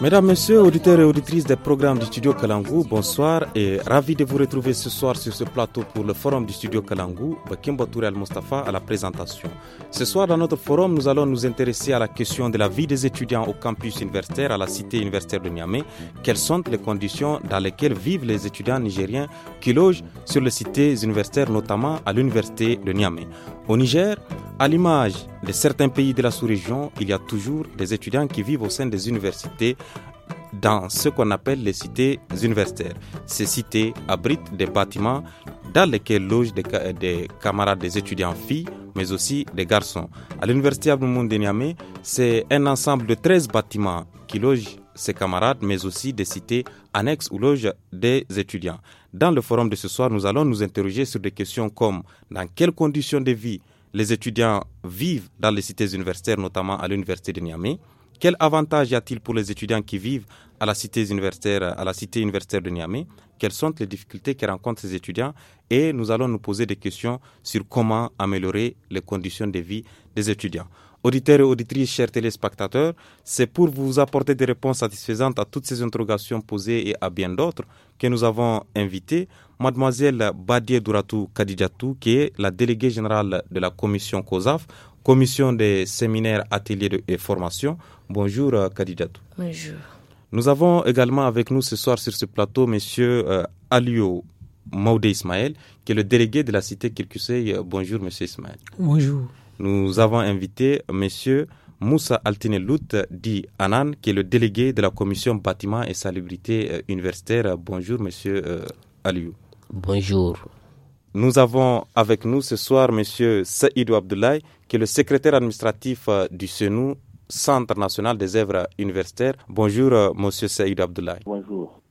Mesdames, Messieurs, auditeurs et auditrices des programmes du Studio Kalangou, bonsoir et ravi de vous retrouver ce soir sur ce plateau pour le forum du Studio Kalangou, Bakimbo Touré Al-Mustafa à la présentation. Ce soir, dans notre forum, nous allons nous intéresser à la question de la vie des étudiants au campus universitaire, à la cité universitaire de Niamey. Quelles sont les conditions dans lesquelles vivent les étudiants nigériens qui logent sur les cités universitaires, notamment à l'université de Niamey Au Niger, à l'image de certains pays de la sous-région, il y a toujours des étudiants qui vivent au sein des universités dans ce qu'on appelle les cités universitaires. Ces cités abritent des bâtiments dans lesquels logent des, camarades des étudiants filles, mais aussi des garçons. À l'université de Niamey, c'est un ensemble de 13 bâtiments qui logent ces camarades, mais aussi des cités annexes où logent des étudiants. Dans le forum de ce soir, nous allons nous interroger sur des questions comme dans quelles conditions de vie les étudiants vivent dans les cités universitaires, notamment à l'université de Niamey, quel avantage y a-t-il pour les étudiants qui vivent à la cité universitaire, à la cité universitaire de Niamey Quelles sont les difficultés que rencontrent ces étudiants Et nous allons nous poser des questions sur comment améliorer les conditions de vie des étudiants auditeurs et auditrices, chers téléspectateurs, c'est pour vous apporter des réponses satisfaisantes à toutes ces interrogations posées et à bien d'autres que nous avons invité Mademoiselle Badier Douratou Kadidjatou, qui est la déléguée générale de la commission COSAF, commission des séminaires, ateliers et formations. Bonjour euh, Kadidjatou. Bonjour. Nous avons également avec nous ce soir sur ce plateau M. Euh, Alio Maudé Ismaël, qui est le délégué de la cité Kirkusei. Bonjour Monsieur Ismaël. Bonjour nous avons invité M. Moussa Altinelout, dit Anan, qui est le délégué de la commission bâtiment et salubrité euh, universitaire. Bonjour, M. Euh, Aliou. Bonjour. Nous avons avec nous ce soir M. Saïdou Abdoulaye, qui est le secrétaire administratif euh, du CENU, Centre national des œuvres universitaires. Bonjour, Monsieur Saïd Abdoulaye. Bonjour.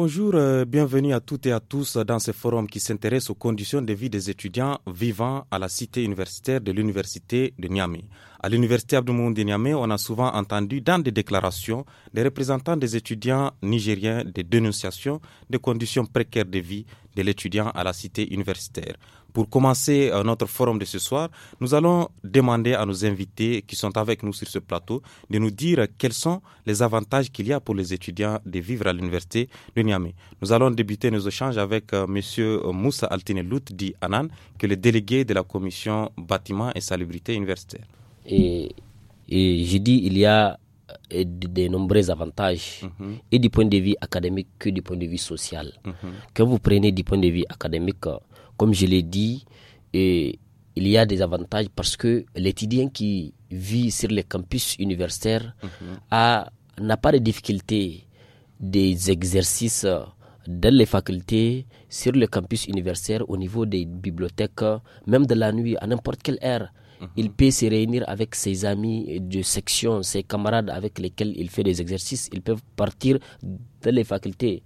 Bonjour, euh, bienvenue à toutes et à tous dans ce forum qui s'intéresse aux conditions de vie des étudiants vivant à la cité universitaire de l'université de Niamey. À l'Université Abdoumoun Niamey, on a souvent entendu dans des déclarations des représentants des étudiants nigériens des dénonciations des conditions précaires de vie de l'étudiant à la cité universitaire. Pour commencer euh, notre forum de ce soir, nous allons demander à nos invités qui sont avec nous sur ce plateau de nous dire quels sont les avantages qu'il y a pour les étudiants de vivre à l'université de Niamey. Nous allons débuter nos échanges avec euh, M. Euh, Moussa Lout, Di Anan, qui est le délégué de la commission bâtiment et salubrité universitaire. Et, et je dis, il y a euh, de, nombreux avantages, mhm. et du point de vue académique que du point de vue social. Mhm. Quand vous prenez du point de vue académique, comme je l'ai dit, et il y a des avantages parce que l'étudiant qui vit sur le campus universitaire mhm. n'a pas de difficultés des exercices dans les facultés, sur le campus universitaire, au niveau des bibliothèques, même de la nuit, à n'importe quelle heure il mhm. peut se réunir avec ses amis de section, ses camarades avec lesquels il fait des exercices, ils peuvent partir de les facultés.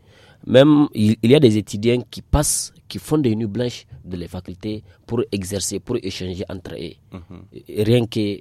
Même il y a des étudiants qui passent, qui font des nuits blanches de les facultés pour exercer, pour échanger entre eux, mhm. rien que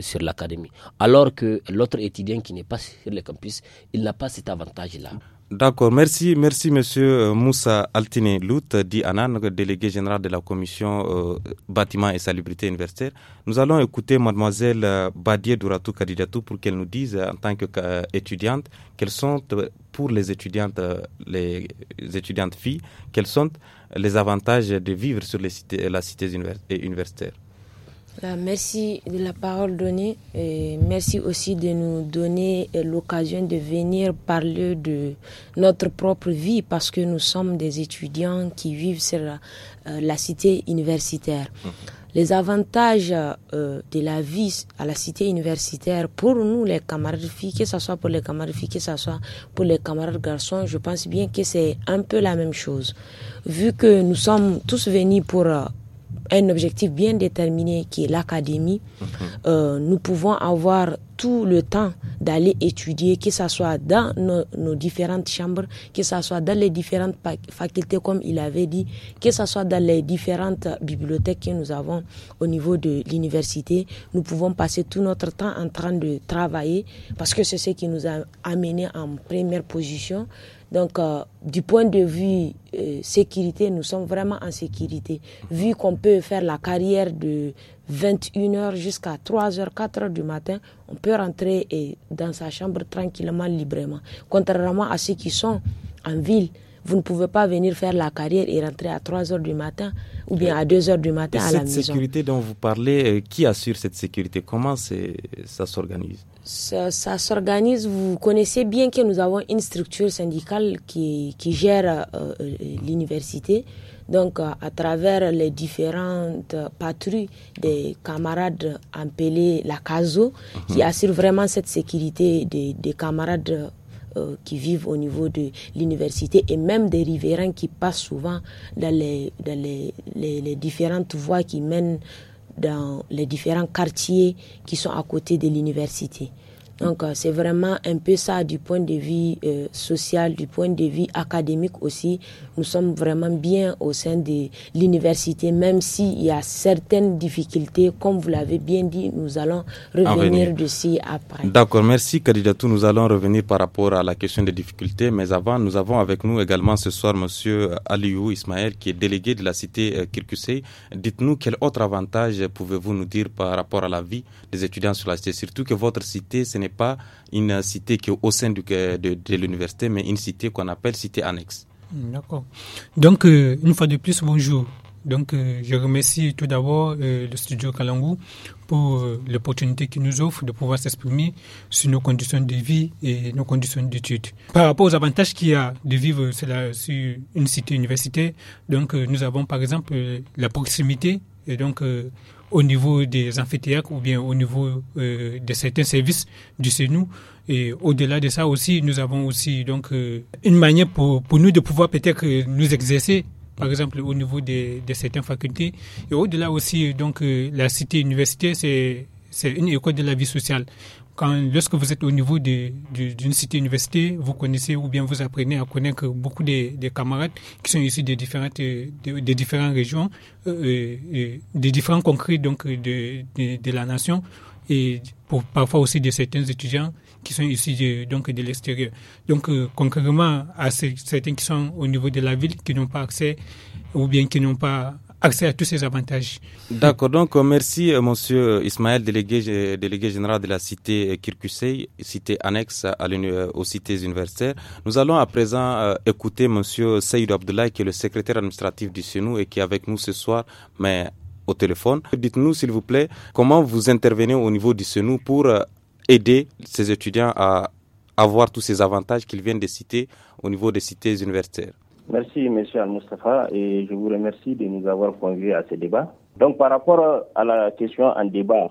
sur l'académie. Alors que l'autre étudiant qui n'est pas sur le campus, il n'a pas cet avantage-là. D'accord, merci, merci Monsieur euh, Moussa Altine Lout, euh, dit Anan, euh, délégué général de la commission bâtiment et salubrité universitaire. Nous allons écouter Mademoiselle Badier Douratou Kadidatou pour qu'elle nous dise, en tant qu'étudiante, quels sont pour les étudiantes, les étudiantes filles, quels sont les avantages de vivre sur les cités, la cité universitaire merci de la parole donnée et merci aussi de nous donner euh, l'occasion de venir parler de notre propre vie parce que nous sommes des étudiants qui vivent sur la, euh, cité universitaire. Mhm. Les avantages euh, de la vie à la cité universitaire pour nous, les camarades filles, que ce soit pour les camarades filles, que ce soit pour les camarades garçons, je pense bien que c'est un peu la même chose. Vu que nous sommes tous venus pour un objectif bien déterminé qui est l'académie, mhm. euh, nous pouvons avoir tout le temps d'aller étudier, que ce soit dans nos, nos, différentes chambres, que ce soit dans les différentes facultés, comme il avait dit, que ce soit dans les différentes bibliothèques que nous avons au niveau de l'université. Nous pouvons passer tout notre temps en train de travailler parce que c'est ce qui nous a amené en première position, donc, euh, du point de vue euh, sécurité, nous sommes vraiment en sécurité. Vu qu'on peut faire la carrière de 21h jusqu'à 3h, 4h du matin, on peut rentrer et, dans sa chambre tranquillement, librement. Contrairement à ceux qui sont en ville, vous ne pouvez pas venir faire la carrière et rentrer à 3 heures du matin ou bien à 2 heures du matin à la maison. Cette sécurité dont vous parlez, euh, qui assure cette sécurité Comment ça s'organise ça, s'organise. Vous connaissez bien que nous avons une structure syndicale qui, qui gère euh, euh, l'université. Donc, à travers les différentes patrouilles des camarades appelés la CASO, qui mhm. assurent vraiment cette sécurité des, des camarades euh, qui vivent au niveau de l'université et même des riverains qui passent souvent dans les différentes voies qui mènent dans les différents quartiers qui sont à côté de l'université. Donc euh, c'est vraiment un peu ça du point de vue euh, social, du point de vue académique aussi. Nous sommes vraiment bien au sein de l'université, même s'il y a certaines difficultés. Comme vous l'avez bien dit, nous allons revenir dessus après. D'accord, merci Kadidatou. Nous allons revenir par rapport à la question des difficultés. Mais avant, nous avons avec nous également ce soir M. Aliou Ismaël, qui est délégué de la cité euh, Kirkusei. Dites-nous quel autre avantage pouvez-vous nous dire par rapport à la vie des étudiants sur la cité, surtout que votre cité, ce n'est pas une cité qui est au sein euh, de, l'université, mais une cité qu'on appelle cité annexe. Mm, d'accord. Donc, euh, une fois de plus, bonjour. Donc, euh, je remercie tout d'abord le studio Kalangou pour l'opportunité qu'il nous offre de pouvoir s'exprimer sur nos conditions de vie et nos conditions d'études. Par rapport aux avantages qu'il y a de vivre sur, une cité universitaire, donc nous avons par exemple la proximité et donc au niveau des amphithéâtres ou bien au niveau euh, de certains services du CNU. Et au-delà de ça aussi, nous avons aussi donc euh, une manière pour, nous de pouvoir peut-être euh, nous exercer, par exemple au niveau de, de certaines facultés. Et au-delà aussi, donc la cité universitaire, c'est c'est une école de la vie sociale quand, lorsque vous êtes au niveau d'une cité-université, vous connaissez ou bien vous apprenez à connaître beaucoup des, camarades qui sont issus de différentes, de différentes régions, euh, euh, euh des différents concrets donc de, de, la nation et pour parfois aussi de certains étudiants qui sont issus de, donc de l'extérieur. Donc euh, concrètement à ces, certains qui sont au niveau de la ville qui n'ont pas accès ou bien qui n'ont pas accès à tous ces avantages. D'accord, donc euh, merci euh, Monsieur euh, Ismaël, délégué, général de la cité Kirkusei, cité annexe aux cités universitaires. Nous allons à présent écouter Monsieur Saïd Abdoulaye, qui est le secrétaire administratif du CENU et qui est avec nous ce soir, mais au téléphone. Dites-nous s'il vous plaît comment vous intervenez au niveau du CENU pour aider ces étudiants à avoir tous ces avantages qu'ils viennent de citer au niveau des cités universitaires. Merci, monsieur Al-Mustafa, et je vous remercie de nous avoir conduits à ce débat. Donc, par rapport à la question en débat,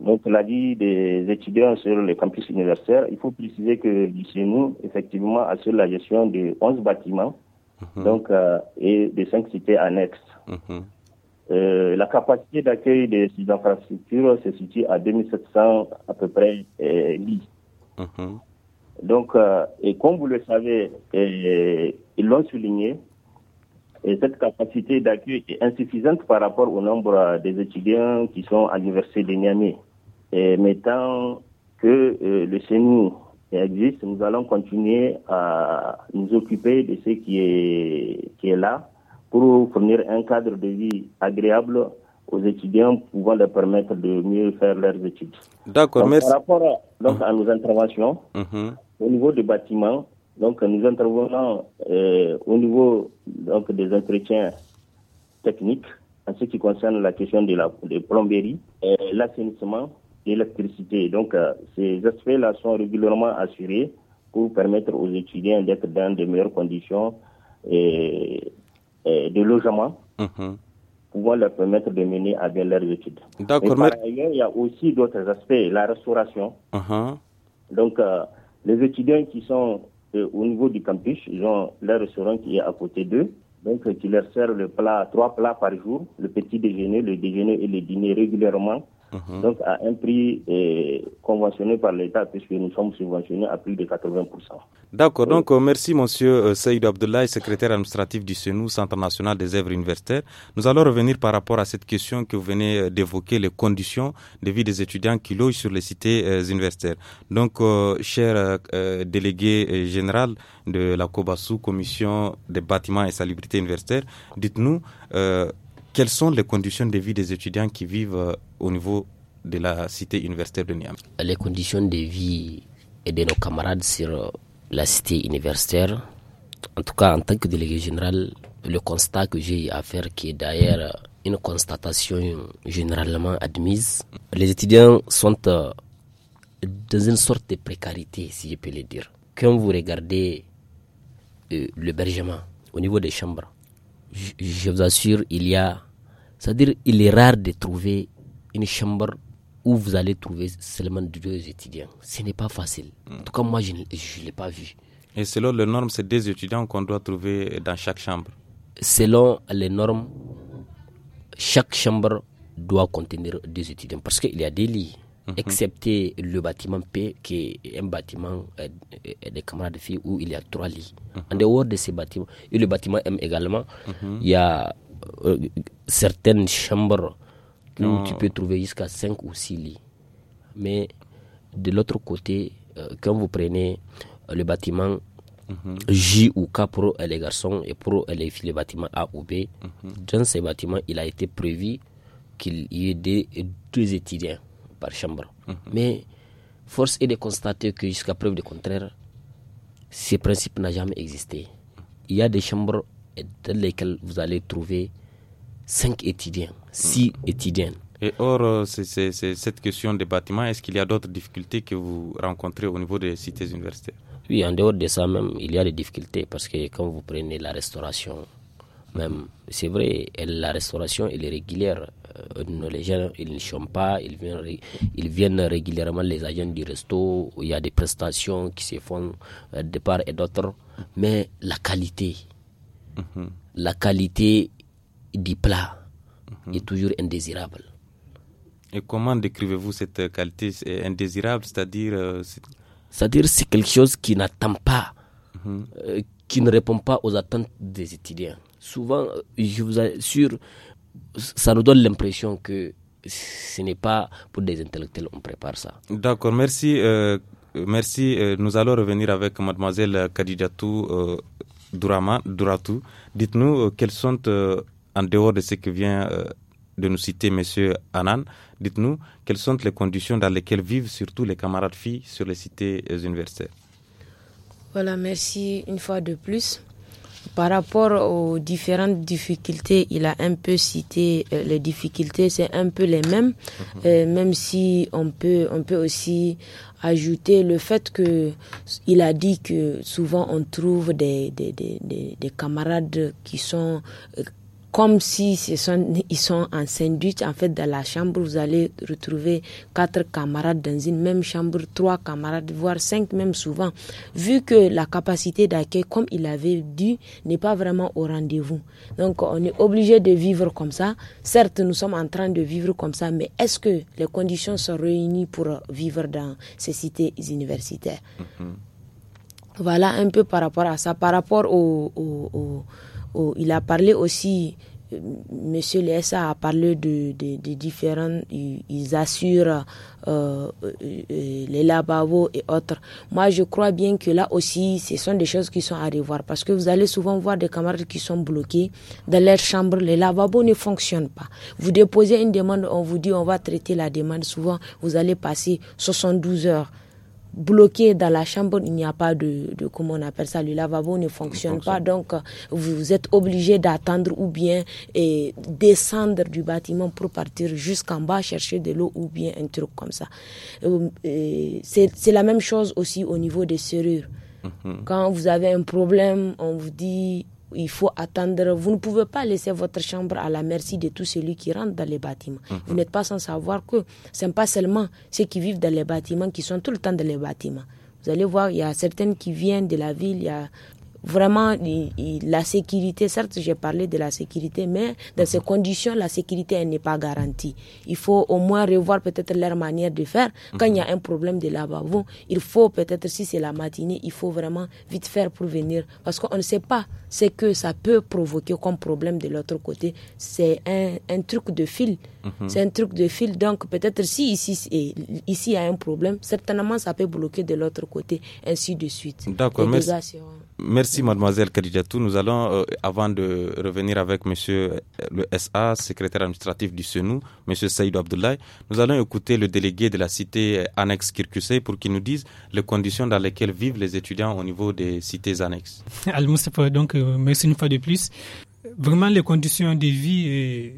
donc la vie des étudiants sur les campus universitaires, il faut préciser que chez nous, effectivement, assure la gestion de 11 bâtiments mhm. donc, euh, et de 5 cités annexes. Mhm. Euh, la capacité d'accueil des infrastructures se situe à 2700 à peu près euh, lits. Mhm. Donc, euh, et comme vous le savez, euh, ils l'ont souligné, cette capacité d'accueil est insuffisante par rapport au nombre euh, des étudiants qui sont à l'université de Niamey. Et mettant que le CNU existe, nous allons continuer à nous occuper de ce qui est, qui est là pour fournir un cadre de vie agréable aux étudiants pouvant leur permettre de mieux faire leurs études. D'accord, merci. Par rapport à, mmh. nos interventions, mmh au niveau du bâtiment, donc nous intervenons euh, au niveau donc, des entretiens techniques en ce qui concerne la question de la de plomberie, euh, l'assainissement, l'électricité. Donc euh, ces aspects-là sont régulièrement assurés pour permettre aux étudiants d'être dans de meilleures conditions de logement. Mmh pouvoir leur permettre de mener à bien leurs études. par ailleurs, il y a aussi d'autres aspects, la restauration. Mm-hmm. Donc, les étudiants qui sont euh, au niveau du campus, ils ont leur restaurant qui est à côté d'eux, donc euh, qui leur sert le plat, trois plats par jour, le petit déjeuner, le déjeuner et le dîner régulièrement. Mhm. donc à un prix eh, conventionné par l'État, puisque nous sommes subventionnés à plus de 80%. D'accord, donc euh, merci Monsieur euh, Saïd Abdoulaye, secrétaire administratif du CENU, Centre national des œuvres universitaires. Nous allons revenir par rapport à cette question que vous venez euh, d'évoquer, les conditions de vie des étudiants qui logent sur les cités universitaires. Donc, cher délégué général de la COBASU, Commission des bâtiments et salubrité universitaire, dites-nous quelles sont les conditions de vie des étudiants qui vivent euh, au niveau de la cité universitaire de Niamey Les conditions de vie de nos camarades sur euh, la cité universitaire, en tout cas en tant que délégué général, le constat que j'ai à faire, qui est d'ailleurs euh, une constatation généralement admise, les étudiants sont dans une sorte de précarité, si je peux le dire. Quand vous regardez l'hébergement au niveau des chambres, je, vous assure, il y a. C'est-à-dire, il est rare de trouver une chambre où vous allez trouver seulement deux étudiants. Ce n'est pas facile. En hmm. tout cas, moi, je ne l'ai pas vu. Et selon les normes, c'est deux étudiants qu'on doit trouver dans chaque chambre Selon les normes, chaque chambre doit contenir deux étudiants parce qu'il y a des lits. Mhm. excepté le bâtiment P, qui est un bâtiment euh, euh, des camarades de filles où il y a trois lits. Mhm. En dehors de ces bâtiments, et le bâtiment M également, mhm. il y a euh, certaines chambres où tu peux trouver jusqu'à 5 ou 6 lits. Mais de l'autre côté, quand vous prenez le bâtiment J ou K pour les garçons et pour les filles, le bâtiment A ou B, dans ces bâtiments, il a été prévu qu'il y ait des, deux étudiants par chambre. Mais force est de constater que jusqu'à preuve du contraire, ce principe n'a jamais existé. Il y a des chambres dans lesquelles vous allez trouver cinq étudiants, six étudiants. Et or, euh, c'est cette question des bâtiments, est-ce qu'il y a d'autres difficultés que vous rencontrez au niveau des cités universitaires Oui, en dehors de ça même, il y a des difficultés parce que quand vous prenez la restauration, même, c'est vrai, la restauration elle est régulière. Euh, les gens, ils ne chôment pas, ils viennent, ils viennent régulièrement, les agents du resto, il y a des prestations qui se font euh, de part et d'autre, mais la qualité, mhm. la qualité du plat mhm. est toujours indésirable. Et comment décrivez-vous cette qualité indésirable C'est-à-dire. Euh, c'est-à-dire, c'est quelque chose qui n'attend pas, mhm. qui ne répond pas aux attentes des étudiants. Souvent, je vous assure, ça nous donne l'impression que ce n'est pas pour des intellectuels on prépare ça. D'accord, merci. Euh, merci. Euh, nous allons revenir avec mademoiselle Kadidatou euh, Durama, Dites-nous euh, quelles sont, en dehors de ce que vient de nous citer monsieur Anan, dites-nous quelles sont les conditions dans lesquelles vivent surtout les camarades filles sur les cités universitaires. Voilà, merci une fois de plus. Par rapport aux différentes difficultés, il a un peu cité euh, les difficultés, c'est un peu les mêmes, mhm. euh, même si on peut, on peut aussi ajouter le fait que il a dit que souvent on trouve des, des, des camarades qui sont euh, comme si ce sont, ils sont en En fait, dans la chambre, vous allez retrouver quatre camarades dans une même chambre, trois camarades, voire cinq même souvent. Vu que la capacité d'accueil, comme il avait dit, n'est pas vraiment au rendez-vous. Donc, on est obligé de vivre comme ça. Certes, nous sommes en train de vivre comme ça, mais est-ce que les conditions sont réunies pour vivre dans ces cités universitaires? Mm-hmm. Voilà un peu par rapport à ça, par rapport au il a parlé aussi, euh, Monsieur Lessa a parlé de, de, différents, ils assurent euh, euh, les lavabos et autres. Moi, je crois bien que là aussi, ce sont des choses qui sont à revoir parce que vous allez souvent voir des camarades qui sont bloqués dans leur chambre. Les lavabos ne fonctionnent pas. Vous déposez une demande, on vous dit on va traiter la demande. Souvent, vous allez passer 72 heures bloqué dans la chambre, il n'y a pas de, de, comment on appelle ça, le lavabo ne fonctionne pas. Donc, vous êtes obligé d'attendre ou bien et descendre du bâtiment pour partir jusqu'en bas chercher de l'eau ou bien un truc comme ça. Euh, c'est la même chose aussi au niveau des serrures. Mhm. Quand vous avez un problème, on vous dit il faut attendre. Vous ne pouvez pas laisser votre chambre à la merci de tout celui qui rentre dans les bâtiments. Mhm. Vous n'êtes pas sans savoir que ce n'est pas seulement ceux qui vivent dans les bâtiments qui sont tout le temps dans les bâtiments. Vous allez voir, il y a certaines qui viennent de la ville, il y a vraiment la sécurité, certes j'ai parlé de la sécurité, mais dans ces conditions, la sécurité elle n'est pas garantie. Il faut au moins revoir peut-être leur manière de faire. Quand il y a un problème de là-bas, bon, il faut peut-être si c'est la matinée, il faut vraiment vite faire pour venir parce qu'on ne sait pas ce que ça peut provoquer comme problème de l'autre côté. C'est un, un, truc de fil. Mhm. C'est un truc de fil. Donc peut-être si ici, ici il y a un problème, certainement ça peut bloquer de l'autre côté, ainsi de suite. D'accord, merci. Merci, mademoiselle Kadidatou. Nous allons, euh, avant de revenir avec monsieur euh, le SA, secrétaire administratif du SENU, monsieur Saïd Abdoulaye, nous allons écouter le délégué de la cité euh, annexe Kirkusei pour qu'il nous dise les conditions dans lesquelles vivent les étudiants au niveau des cités annexes. al donc, merci une fois de plus. Vraiment, les conditions de vie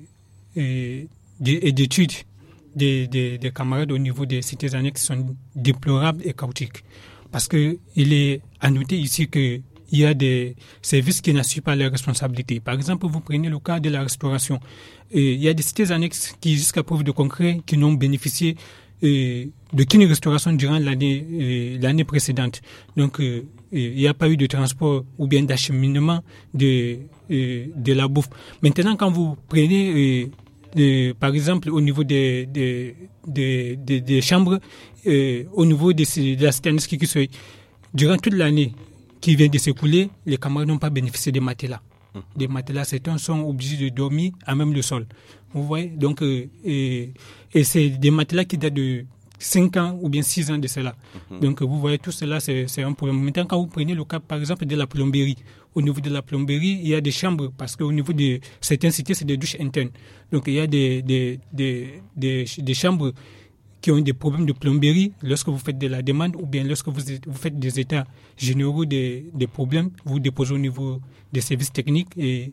et, d'études des camarades au niveau des cités annexes sont déplorables et chaotiques parce que il est à noter ici que il y a des services qui n'assument pas leurs responsabilités. Par exemple, vous prenez le cas de la restauration. Euh, il y a des cités annexes qui, jusqu'à preuve de concret, qui n'ont bénéficié euh, de restauration durant l'année euh, l'année précédente. Donc il n'y a pas eu de transport ou bien d'acheminement de de la bouffe. Maintenant quand vous prenez par exemple, au niveau des, des, chambres, euh, au niveau de, la citerne qui durant toute l'année qui vient de s'écouler, les camarades n'ont pas bénéficié des matelas. Mhm. Des matelas, certains sont obligés de dormir à même le sol. Vous voyez Donc, euh, et, et c'est des matelas qui datent de 5 ans ou bien 6 ans de cela. Mhm. Donc, vous voyez, tout cela, c'est un problème. Maintenant, quand vous prenez le cas, par exemple, de la plomberie, au niveau de la plomberie, il y a des chambres, parce qu'au niveau de certaines cités, c'est des douches internes. Donc il y a des, des, des, des, chambres qui ont des problèmes de plomberie lorsque vous faites de la demande ou bien lorsque vous, vous faites des états généraux des, des, problèmes, vous déposez au niveau des services techniques et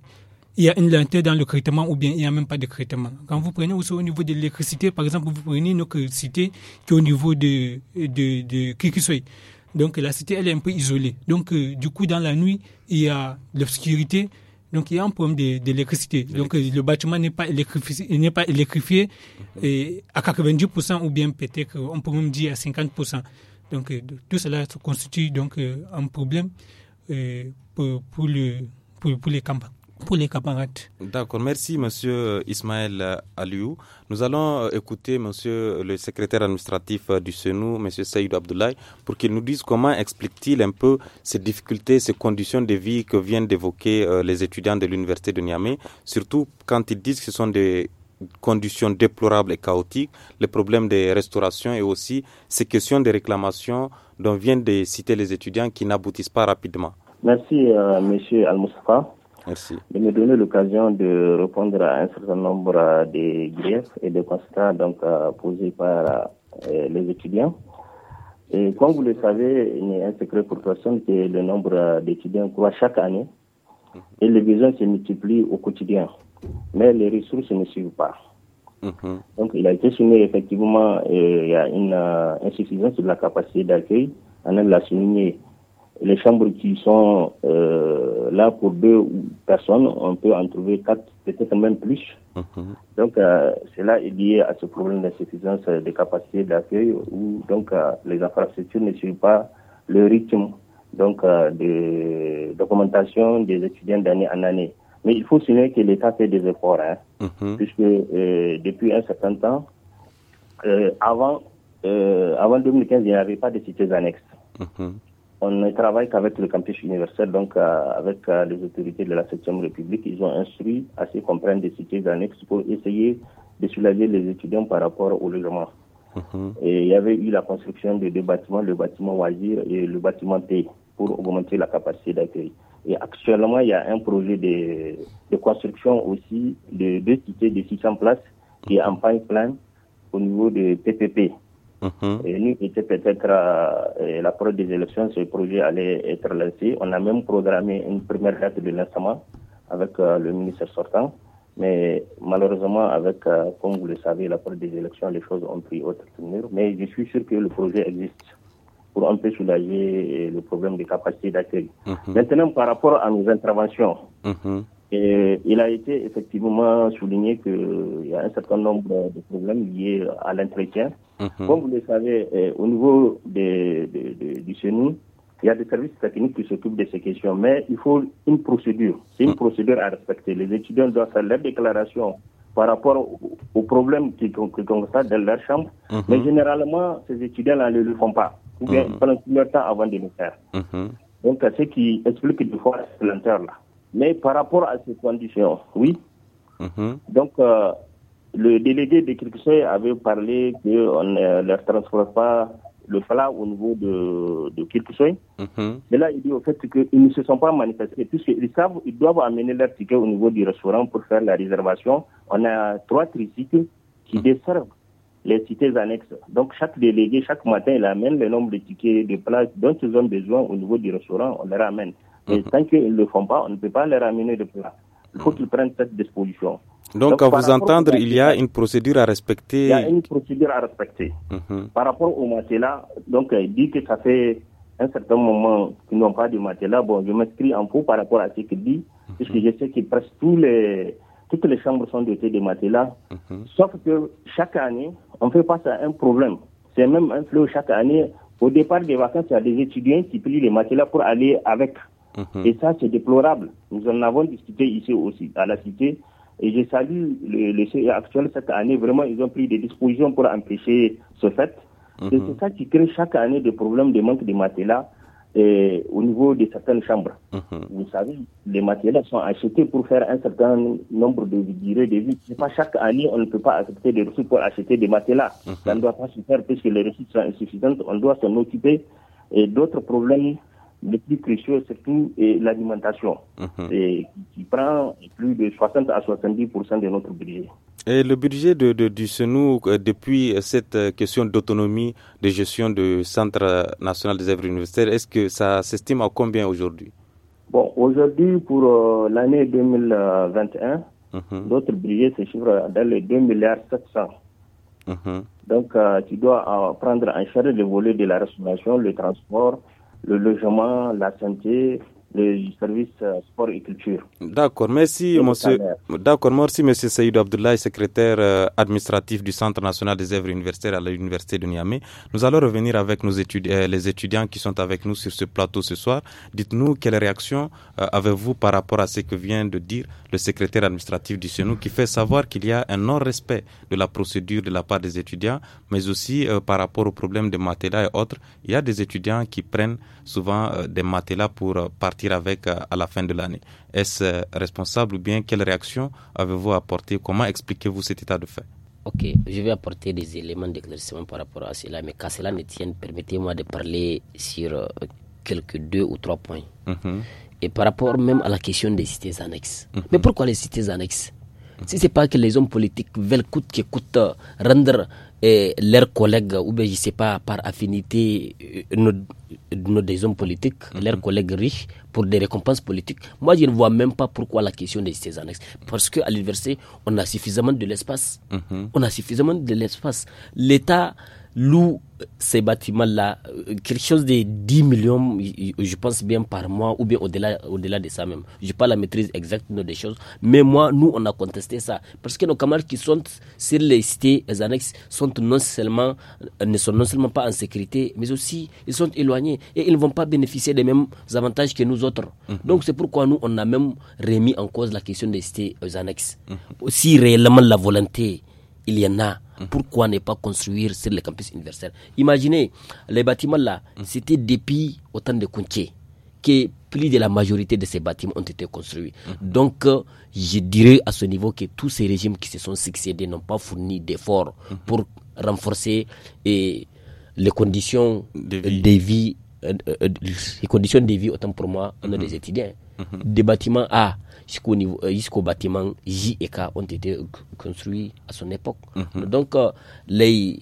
il y a une lenteur dans le traitement ou bien il n'y a même pas de traitement. Quand vous prenez aussi au niveau de l'électricité, par exemple, vous prenez une électricité qui est au niveau de, de, de, soit. Donc la cité, elle est un peu isolée. Donc euh, du coup, dans la nuit, il y a l'obscurité. Donc il y a un problème d'électricité. Donc euh, le bâtiment n'est pas électrifié, n'est pas électrifié mhm. et à 90% ou bien peut-être on peut même dire à 50%. Donc euh, tout cela constitue donc un problème pour, le, pour les campagnes pour les camarades. D'accord, merci Monsieur Ismaël Aliou. Nous allons euh, écouter Monsieur le secrétaire administratif euh, du CENU, Monsieur Saïd Abdoulaye, pour qu'il nous dise comment explique-t-il un peu ces difficultés, ces conditions de vie que viennent d'évoquer euh, les étudiants de l'université de Niamey, surtout quand ils disent que ce sont des conditions déplorables et chaotiques, les problèmes des restaurations et aussi ces questions de réclamations dont viennent de citer les étudiants qui n'aboutissent pas rapidement. Merci, Monsieur al Merci. de me donner l'occasion de répondre à un certain nombre de griefs et de constats donc, euh, posés par euh, les étudiants. Et comme vous le savez, il n'est un secret pour personne que le nombre d'étudiants croît chaque année et les besoins se multiplient au quotidien, mais les ressources ne suivent pas. Mhm. Donc il a été souligné effectivement, euh, il y a une insuffisance de la capacité d'accueil. On a souligné les chambres qui sont là, pour deux personnes, on peut en trouver quatre, peut-être même plus. Mhm. Donc, euh, cela est lié à ce problème d'insuffisance des capacités d'accueil où donc euh, les infrastructures ne suivent pas le rythme donc euh, de documentation des étudiants d'année en année. Mais il faut souligner que l'État fait des efforts, hein, mhm. puisque depuis un certain temps, avant avant 2015, il n'y avait pas de cités annexes. Mhm on ne travaille qu'avec le campus universel, donc euh, avec euh, les autorités de la 7e République. Ils ont instruit à ce qu'on des cités annexes pour essayer de soulager les étudiants par rapport au logement. Mhm. Et il y avait eu la construction de deux bâtiments, le bâtiment Wazir et le bâtiment T, pour augmenter la capacité d'accueil. Et actuellement, il y a un projet de, construction aussi de deux cités de 600 places qui est en pipeline au niveau de PPP. Mhm. Et nous, était peut-être euh, la preuve des élections, ce projet allait être lancé. On a même programmé une première date de lancement avec euh, le ministère sortant. Mais malheureusement, avec, euh, comme vous le savez, la preuve des élections, les choses ont pris autre tournure. Mais je suis sûr que le projet existe pour un peu soulager le problème des capacités d'accueil. Mhm. Maintenant, par rapport à nos interventions, mhm il a été effectivement souligné qu'il y a un certain nombre de problèmes liés à l'entretien. Mhm. Comme vous le savez, eh, au niveau du CENI, il y a des services techniques qui s'occupent de ces questions, mais il faut une procédure. C'est une mhm. procédure à respecter. Les étudiants doivent faire leur déclaration par rapport aux, problèmes qu'ils constatent dans leur chambre, mhm. mais généralement, ces étudiants-là ne le font pas, ou bien ils temps avant de le faire. Donc, c'est ce qui explique des fois ce lenteur-là. Mais par rapport à ces conditions, oui. Mhm. Donc, euh, le délégué de Kirkusoy avait parlé qu'on ne euh, leur transporte pas le Flat au niveau de, de mhm. Mais là, il dit au fait qu'ils ne se sont pas manifestés, puisqu'ils savent ils doivent amener leurs tickets au niveau du restaurant pour faire la réservation. On a trois tricycles qui mhm. desservent les cités annexes. Donc, chaque délégué, chaque matin, il amène le nombre de tickets de places dont ils ont besoin au niveau du restaurant, on les ramène. Et mhm. tant qu'ils ne le font pas, on ne peut pas les ramener de plus. Il faut mhm. qu'ils prennent cette disposition. Donc, à vous entendre, il y a une procédure à respecter. Il y a une procédure à respecter. Mhm. Par rapport au matelas, donc, euh, il dit que ça fait un certain moment qu'ils n'ont pas de matelas. Bon, je m'inscris en faux par rapport à ce qu'il dit, puisque je sais que presque tous les, toutes les chambres sont dotées de matelas. Sauf que chaque année, on fait face à un problème. C'est même un fléau chaque année. Au départ des vacances, il y a des étudiants qui plient les matelas pour aller avec. Mhm. Et ça, c'est déplorable. Nous en avons discuté ici aussi, à la cité. Et je salue le, e actuel cette année. Vraiment, ils ont pris des dispositions pour empêcher ce fait. Mhm. Et c'est ça qui crée chaque année des problèmes de manque de matelas eh, au niveau de certaines chambres. Mhm. Vous savez, les matelas sont achetés pour faire un certain nombre de durées de vie. C'est pas chaque année, on ne peut pas accepter des ressources pour acheter des matelas. Ça ne doit pas se faire puisque les ressources sont insuffisantes. On doit s'en occuper. Et d'autres problèmes le plus crucial, tout est l'alimentation, mhm. et qui prend plus de 60 à 70% de notre budget. Et le budget de, du SENU, euh, depuis cette euh, question d'autonomie de gestion du Centre national des œuvres universitaires, est-ce que ça s'estime à combien aujourd'hui Bon, aujourd'hui, pour euh, l'année 2021, mhm. notre budget se chiffre dans les 2 milliards 700. Mhm. Donc, tu dois prendre en charge le volet de la restauration, le transport, le logement, la santé, les services euh, sport et culture. D'accord, merci, monsieur. D'accord, merci, monsieur Saïd Abdoulaye, secrétaire euh, administratif du Centre national des œuvres universitaires à l'Université de Niamey. Nous allons revenir avec nos euh, les étudiants qui sont avec nous sur ce plateau ce soir. Dites-nous quelle réaction avez-vous par rapport à ce que vient de dire le secrétaire administratif du CENU qui fait savoir qu'il y a un non-respect de la procédure de la part des étudiants, mais aussi par rapport au problème des matelas et autres. Il y a des étudiants qui prennent souvent des matelas pour partir avec euh, à la fin de l'année. Est-ce euh, responsable ou bien quelle réaction avez-vous apporté Comment expliquez-vous cet état de fait Ok, je vais apporter des éléments d'éclaircissement par rapport à cela, mais qu'à cela ne tienne, permettez-moi de parler sur euh, quelques deux ou trois points. Mhm. Et par rapport même à la question des cités annexes. Mhm. Mais pourquoi les cités annexes si ce n'est pas que les hommes politiques veulent coûte que coûte rendre et leurs collègues, ou bien je sais pas, par affinité, euh, nos, des hommes politiques, mhm. leurs collègues riches, pour des récompenses politiques. Moi, je ne vois même pas pourquoi la question des ces annexes. Parce qu'à l'université, on a suffisamment de l'espace. Mhm. On a suffisamment de l'espace. L'État louent ces bâtiments-là, euh, quelque chose de 10 millions, je pense bien par mois, ou bien au-delà au -delà de ça même. Je n'ai pas la maîtrise exacte des choses, mais moi, nous, on a contesté ça. Parce que nos camarades qui sont sur les cités, annexes, sont non seulement, euh, ne sont non seulement pas en sécurité, mais aussi, ils sont éloignés et ils ne vont pas bénéficier des mêmes avantages que nous autres. Mhm. Donc, c'est pourquoi nous, on a même remis en cause la question des cités, annexes. Mhm. Si réellement la volonté il y en a. Mhm. Pourquoi ne pas construire sur le campus universel Imaginez, les bâtiments là, mhm. c'était depuis autant de Kunché que plus de la majorité de ces bâtiments ont été construits. Mhm. Donc, euh, je dirais à ce niveau que tous ces régimes qui se sont succédés n'ont pas fourni d'efforts pour renforcer les conditions de vie, euh, euh, les conditions de vie, autant pour moi, on a des étudiants. Mhm. des bâtiments A jusqu'au niveau euh, jusqu'au bâtiment J et K ont été construits à son époque. Mhm. Donc euh, les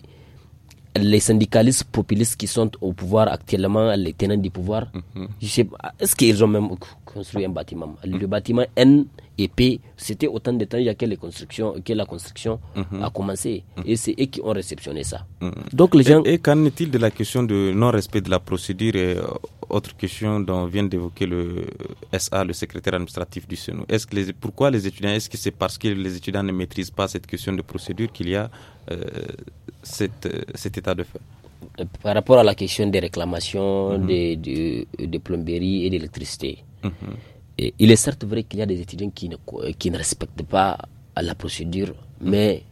les syndicalistes populistes qui sont au pouvoir actuellement, les tenants du pouvoir, mhm. je sais est-ce qu'ils ont même construit un bâtiment Le bâtiment N et puis, c'était autant de temps il y a que, que la construction mhm. a commencé. Et c'est eux qui ont réceptionné ça. Mhm. Donc, les gens... Et, qu'en est-il de la question de non-respect de la procédure et euh, autre question dont vient d'évoquer le euh, SA, le secrétaire administratif du CENO Est-ce que les, pourquoi les étudiants Est-ce que c'est parce que les étudiants ne maîtrisent pas cette question de procédure qu'il y a euh, euh cet, état de fait par rapport à la question des réclamations mhm. des de, de, plomberie et d'électricité il est certes vrai qu'il y a des étudiants qui ne, euh, qui ne respectent pas euh, la procédure, mais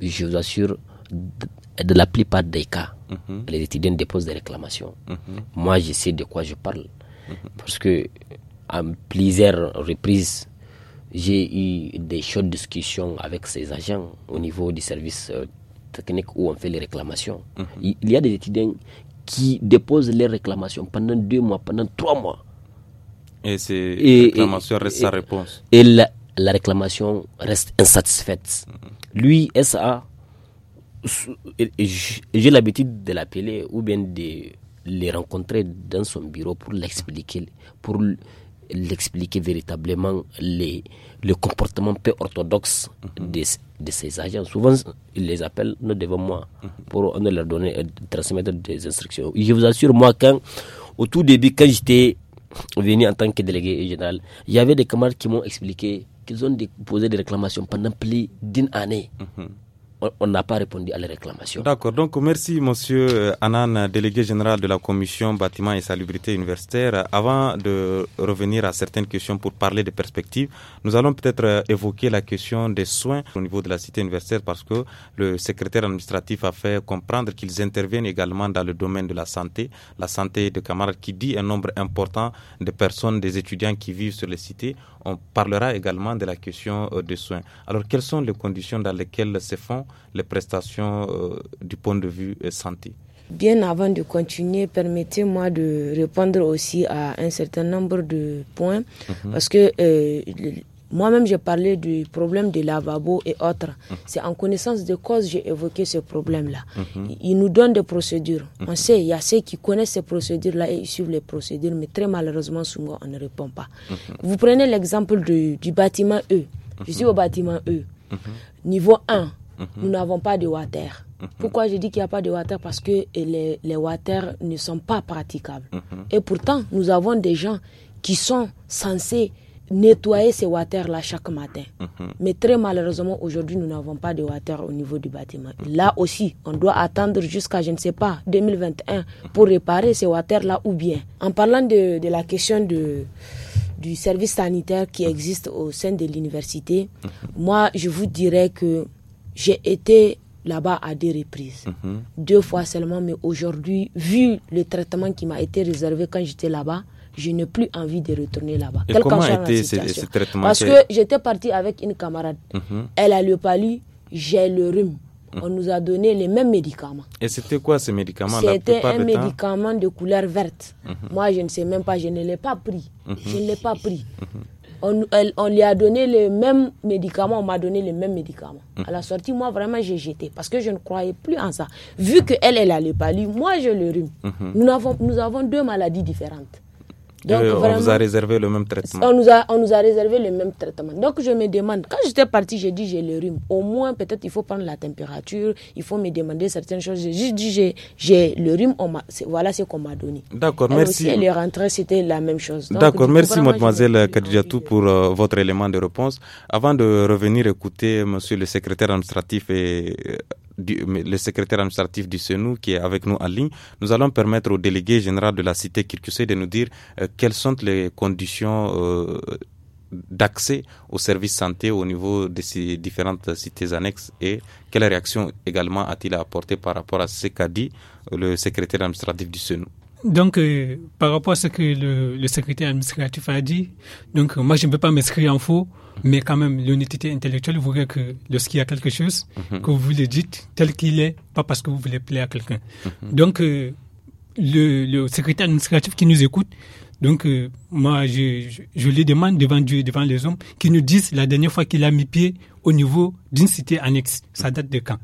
je vous assure, de la plupart des cas, mhm. les étudiants déposent des réclamations. Mhm. Moi, je sais de quoi je parle. Mhm. Parce que, à plusieurs reprises, j'ai eu des chaudes discussions avec ces agents au niveau du service euh, technique où on fait les réclamations. Il y a des étudiants qui déposent les réclamations pendant deux mois, pendant trois mois. Et, sa réponse. la, réclamation reste insatisfaite. Mm-hmm. Lui, SA, j'ai l'habitude de l'appeler ou bien de les rencontrer dans son bureau pour l'expliquer, pour l'expliquer véritablement les, le comportement peu orthodoxe mm-hmm. de, de, ces agents. Souvent, il les appelle devant moi mm-hmm. pour leur donner, euh, transmettre des instructions. Je vous assure, moi, au tout début, quand j'étais venu en tant que délégué régional il y avait des camarades qui m'ont expliqué qu'ils ont déposé des réclamations pendant plus d'une année. Mhm on n'a pas répondu à les réclamations. D'accord. Donc, merci, monsieur euh, Anan, délégué général de la commission bâtiment et salubrité universitaire. Avant de revenir à certaines questions pour parler des perspectives, nous allons peut-être euh, évoquer la question des soins au niveau de la cité universitaire parce que le secrétaire administratif a fait comprendre qu'ils interviennent également dans le domaine de la santé, la santé de camarades qui dit un nombre important de personnes, des étudiants qui vivent sur les cités. On parlera également de la question euh, des soins. Alors, quelles sont les conditions dans lesquelles se font les prestations euh, du point de vue euh, santé. Bien avant de continuer, permettez-moi de répondre aussi à un certain nombre de points, mhm. parce que euh, moi-même, j'ai parlé du problème des lavabos et autres. Mhm. C'est en connaissance de cause que j'ai évoqué ce problème-là. Mhm. Il Ils nous donnent des procédures. On sait, il y a ceux qui connaissent ces procédures-là et ils suivent les procédures, mais très malheureusement, souvent, on ne répond pas. Vous prenez l'exemple du, bâtiment E. Je suis au bâtiment E. Niveau 1, Mhm. nous n'avons pas de water. Mhm. Pourquoi je dis qu'il n'y a pas de water Parce que les, les water ne sont pas praticables. Mhm. Et pourtant, nous avons des gens qui sont censés nettoyer ces water-là chaque matin. Mais très malheureusement, aujourd'hui, nous n'avons pas de water au niveau du bâtiment. Là aussi, on doit attendre jusqu'à, je ne sais pas, 2021 pour réparer ces water-là ou bien. En parlant de, de la question de du service sanitaire qui existe au sein de l'université, moi, je vous dirais que j'ai été là-bas à des reprises, mhm. deux fois seulement, mais aujourd'hui, vu le traitement qui m'a été réservé quand j'étais là-bas, je n'ai plus envie de retourner là-bas. Et comment a été ce, traitement Parce que j'étais partie avec une camarade. Mhm. Elle a le palu, j'ai le rhume. Mhm. On nous a donné les mêmes médicaments. Et c'était quoi ces médicaments C'était un médicament de couleur verte. Moi, je ne sais même pas, je ne l'ai pas pris. Je ne l'ai pas pris. On, lui a donné les mêmes médicaments, on m'a donné les mêmes médicaments. Mm. À la sortie, moi, vraiment, j'ai jeté parce que je ne croyais plus en ça. Vu qu'elle, elle n'allait pas, lui, moi, je le rhume. Mm-hmm. Nous, nous avons deux maladies différentes. Euh, on vous a réservé le même traitement. On nous, a, réservé le même traitement. Donc, je me demande, quand j'étais parti, j'ai dit j'ai le rhume. Au moins, peut-être, il faut prendre la température, il faut me demander certaines choses. J'ai juste dit j'ai le rhume, voilà ce qu'on m'a donné. D'accord, merci. Et elle est c'était la même chose. D'accord, merci, mademoiselle Kadijatou, pour euh, votre élément de réponse. Avant de revenir écouter monsieur le secrétaire administratif et euh, le secrétaire administratif du CENU qui est avec nous en ligne, nous allons permettre au délégué général de la cité Kirkusé de nous dire euh, quelles sont les conditions euh, d'accès aux services santé au niveau de ces différentes cités annexes et quelle réaction également a-t-il apporté par rapport à ce qu'a dit euh, le secrétaire administratif du CENU donc, par rapport à ce que le, secrétaire administratif a dit, donc moi je ne peux pas m'inscrire en faux mais quand même, l'honnêteté intellectuelle voudrait que lorsqu'il y a quelque chose, mhm. que vous le dites tel qu'il est, pas parce que vous voulez plaire à quelqu'un. Mhm. Donc, euh, le, secrétaire administratif qui nous écoute, donc euh, moi, je, je, lui demande devant Dieu, devant les hommes, qui nous disent la dernière fois qu'il a mis pied au niveau d'une cité annexe. Ça date de quand